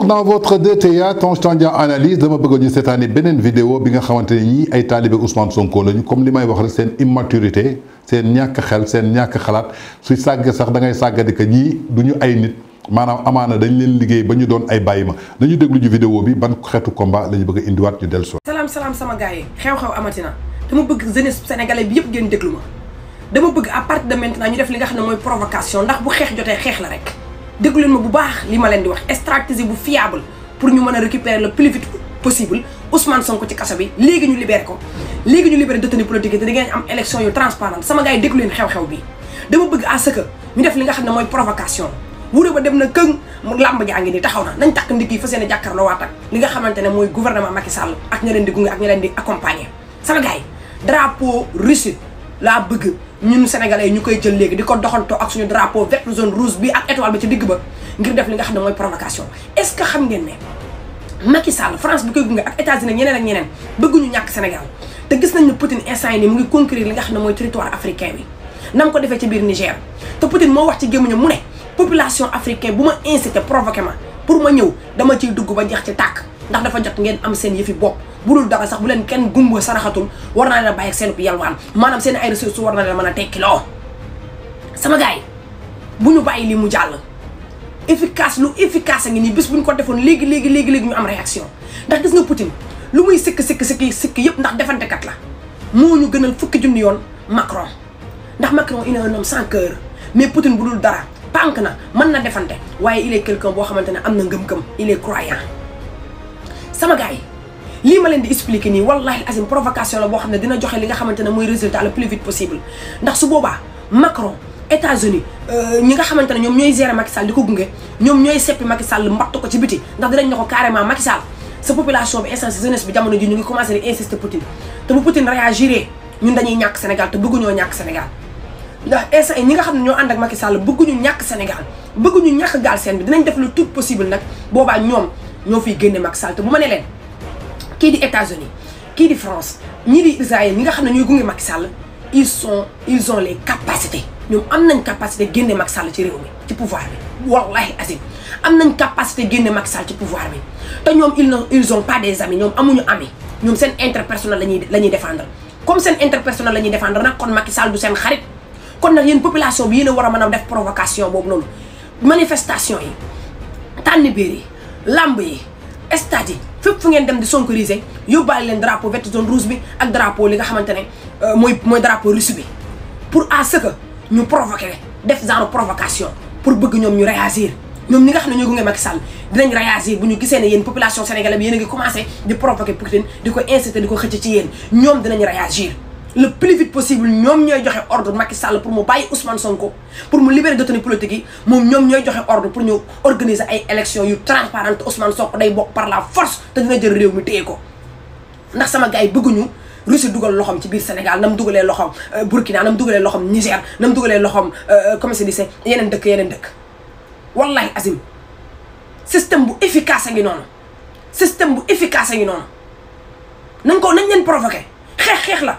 dans votre 2 je analyse cette année vidéo bi Ousmane Sonko comme immaturité c'est c'est ça dañ leen vidéo bi ban combat sama xew amatina dama bëgg jeunesse sénégalais bi déglu à partir de maintenant ñu def li nga provocation la déglu ma bu baax li ma len di wax stratégie bu fiable pour ñu mëna a récupérer le plus vite possible Ousmane Sonko ci kassa bi légui ñu libérer ko légui ñu libérer détenu politique yi te am élection yu transparente sama gars yi xew-xew bi dama bëgg à ce que ñu def li nga xam moy provocation wuré ba dem na këng mu làmb jaa ngi nii taxaw na nañ tak ndigg yi fas yéene jàkkaarloo waat ak li nga xamante ne mooy gouvernement Macky Sall ak ña di gunge ak ña di accompagner sama gars drapeau russe la bëgg ñun sénégal sénégalais ñu koy jël léegi di ko doxantoo ak suñu drapeau vert zone rouge bi ak étoile bi ci digg ba ngir def li nga xam ne mooy provocation est ce que xam ngeen ne Macky Sall France bi koy gunge ak États-Unis ñeneen ak ñeneen bëgguñu ñàkk Sénégal te gis nañ ne Poutine instant yi nii mu ngi conquérir li nga xam ne mooy territoire africain bi nam ko defee ci biir Niger te Poutine moo wax ci gémmiñam mu ne population africaine bu ma incité provoqué ma pour ma ñëw dama ciy dugg ba jeex ci tàkk ndax dafa jot ngeen am seen yëfi bopp bu dara sax bu len ken gumbo saraxatul warna la baye mana bàyyi air yalwaan warna seen ay resource warna la sama gay buñu baye efikas li mu jall efficace lu efficace ngi ni bis buñ ko defon léegi léegi léegi léegi ñu am réaction ndax gis nga putin lu muy sik sik sik sik yep ndax kat la mo ñu gënal fukki junni yoon Macron ndax Macron il est un homme sans cœur mais putin bu dara tank na man na defante waye il est quelqu'un bo xamantene amna am ngëm-ngëm il est croyant sama gay lii ma leen di expliquer nii wallahi azim provocation la boo xam ne dina joxe li nga xamante ne mooy résultat le plus vite possible ndax su boobaa Macron États-Unis euh, ñi nga xamante ne ñoom ñooy gérer Macky Sall di ko gunge ñoom ñooy seppi Macky Sall mbattu ko ci biti ndax dinañ ne ko carrément Macky sa population bi instance bi jamono ji ñu ngi commencé di insister Poutine te bu ñun dañuy ñàkk Sénégal te bëgguñoo ñàkk Sénégal ndax instant ñi nga xam ne ñoo ànd ak Macky Sall bëgguñu ñàkk Sénégal bëgguñu ñàkk gaal seen bi dinañ def le tout possible nag boobaa ñoom ñoo fiy génne Macky Sall te bu ma ne leen Qui des États-Unis qui de France ni di Israël ni nga de ne ils sont ils ont les capacités Nous am une capacité de Macky Sall ci réew mi pouvoir Ils wallahi asim am nañ capacité Maxal, Macky Sall ci pouvoir nous, ils n'ont ils ont pas des amis ils amuñu ami amis. seen interpersonnel lañuy défendre comme seen interpersonnel interpersonnels, défendre nag kon Macky Sall du seen population bi yéen a war def provocation manifestation yi stade yi fépp fu ngeen dem di sonkoriser yóbbaale leen drapeau verte zone rouge bi ak drapeau li nga xamante ne euh, mooy mooy drapeau russe bi pur à ce ñu provoquer def genre provocation pour bëgg ñoom ñu réagir ñoom ñi nga xam ne ñoo gunge Macky Sall dinañ réagir bu ñu gisee ne yéen population sénégalaise bi yéen a ngi commencé di provoquer Poutine di ko inciter di ko xëcc ci yéen ñoom dinañ réagir le plus vite possible ñom ñoy joxe ordre Macky Sall pour mu bàyyi Ousmane Sonko pour mu libérer détenus politique yi moom ñoom ñooy joxe ordre pour ñu organiser ay élections yu transparente Ousmane Sonko day bokk par la force te dina jël réew mi téye ko ndax sama gars yi bëgguñu Russie duggal loxoom ci biir Sénégal nam duggalé loxoom euh, Burkina nam duggalé loxoom Niger nam duggalé loxoom euh, comme c'est dit yenen dëkk yenen dëkk wallahi azim système bu efficace ngi non système bu efficace ngi non. nañ ko nañ leen provoqué xeex la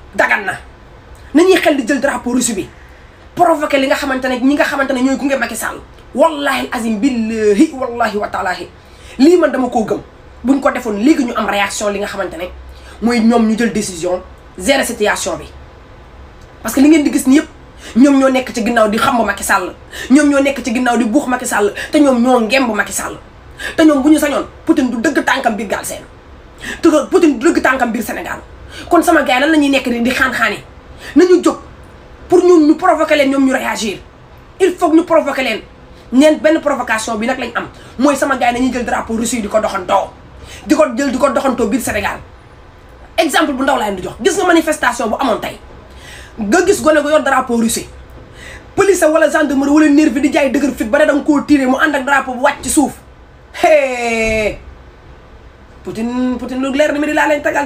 dagan na nañuy xel di jël drapeau russe bi provoquer li nga xamantene ñi nga xamantene ñoy gungé Macky Sall wallahi azim billahi wallahi wa ta'ala li man dama ko gëm buñ ko defone légui ñu am réaction li nga xamantene moy ñom ñu jël décision gérer situation bi parce que li ngeen di gis ni yépp ñom ñoo nekk ci ginnaw di xam Macky Sall ñom ñoo nekk ci ginnaw di buux Macky Sall te ñom ñoo ngemb Macky Sall te ñom buñu sañon putin du dëgg tankam bir gal sen te putin du dëgg tankam bir Sénégal kon sama gars yi lan la ñuy nekk nii di xaan na ñu jóg pour ñu provoquer leen ñoom ñu réyagir il faut ñu provoquer leen ñeen benn provocation bi nag lañ am mooy sama gars yi nañuy jël drapeau Russie di ko doxantoo di ko jël di ko doxantoo biir Sénégal exemple bu ndaw laa leen jox gis nga manifestation bu amoon tey nga gis gone ko yor drapeau Russie police wala gendarmerie wala nervi di jaay dëgër fit ba ne danga koo tiré mu ànd ak drapeau bu wàcc ci suuf Poutine Poutine lu leer ni mi di laa leen tagal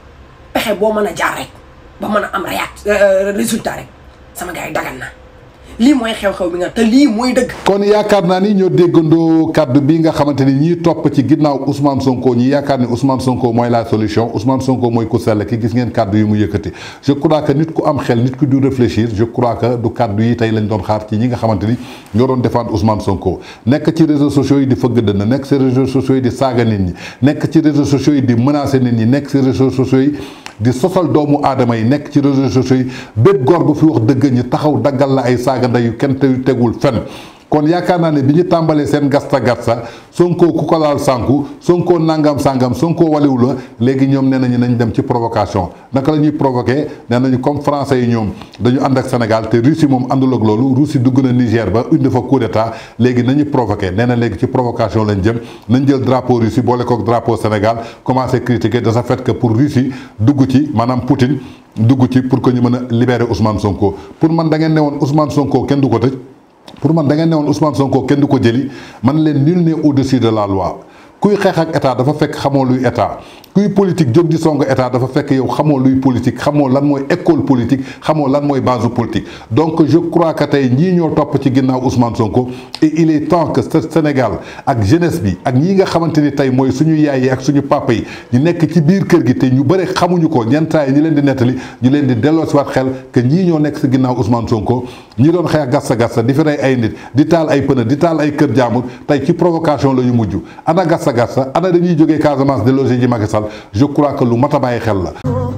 pexe boo meuna a jaar rek ba mën a am rayaat euh, euh, résultat rek sama gars yi dagan na lii mooy xew-xew bi nga te li moy deug kon yaakaar naa ni ñoo déggandoo kàddu bi nga xamanteni ñi top ci ginnaw Ousmane Sonko ñi yaakaar ni Ousmane Sonko moy la solution Ousmane Sonko moy ku sell ki gis ngeen kàddu yu mu yëkëti je crois que nit ku am xel nit ku du réfléchir je crois que du kàddu yi tay lañ doon xaar ci ñi nga xamanteni ni ñoo doon défendre Ousmane Sonko nek ci réseaux sociaux yi di fëgg dënn nek ci réseaux sociaux yi di saga nit ñi nek ci réseaux sociaux yi di menacer nit ñi nek ci réseaux sociaux yi. di sosal doomu aadama yi nekk ci réseaux sociaux yi bépp góor bu fi wax dëgg ñi taxaw daggal la ay saaga yu kenn te tegul fen kon yaakaar naa ne bi ñu tàmbalee seen gasta gasta Sonko ku ko laal sànku Sonko nangam sàngam Sonko waliwu la léegi ñoom nee nañu nañ dem ci provocation naka la ñuy provoqué nee nañu comme yi ñoom dañu ànd ak Sénégal te Russie moom àndul ak loolu Russie dugg na Niger ba une fois coup d'état léegi nañu provoqué nee na léegi ci provocation lañu jëm nañu jël drapeau Russie boole ko drapeau Sénégal commencé critiquer de ce fait pour Russie dugg ci maanaam Poutine dugg ci pour que ñu mën a libérer Ousmane Sonko pour man da ngeen ne woon Sonko kenn du ko tëj. pour man da ngeen ne woon Ousmane Sonko kenn du ko jëli man leen nul au-dessus de la loi kuy xex ak état dafa fekk xamoo luy état kuy politique jóg di song état dafa fekk yow xamoo luy politique xamoo lan mooy école politique xamoo lan mooy base politique donc je crois que tey ñii ñoo topp ci ginnaaw Ousmane Sonko et il est temps que Sénégal ak jeunesse bi ak ñi nga xamante ni tey mooy suñu yaay yi ak suñu papa yi ñu nekk ci biir kër gi te ñu bëri xamuñu ko ñentaay yi ñi leen di nettali ñu leen di delloosiwaat xel que ñii ñoo nekk si ginnaaw Ousmane Sonko ñi doon xeex gassa gassa di fi rey ay nit di taal ay pneu di taal ay kër jaamur tey ci provocation la ñu mujj ana gassa gàtta gàtta ana dañuy jógee Casamance de loger ji Macky Sall je crois que lu mat a bàyyi xel la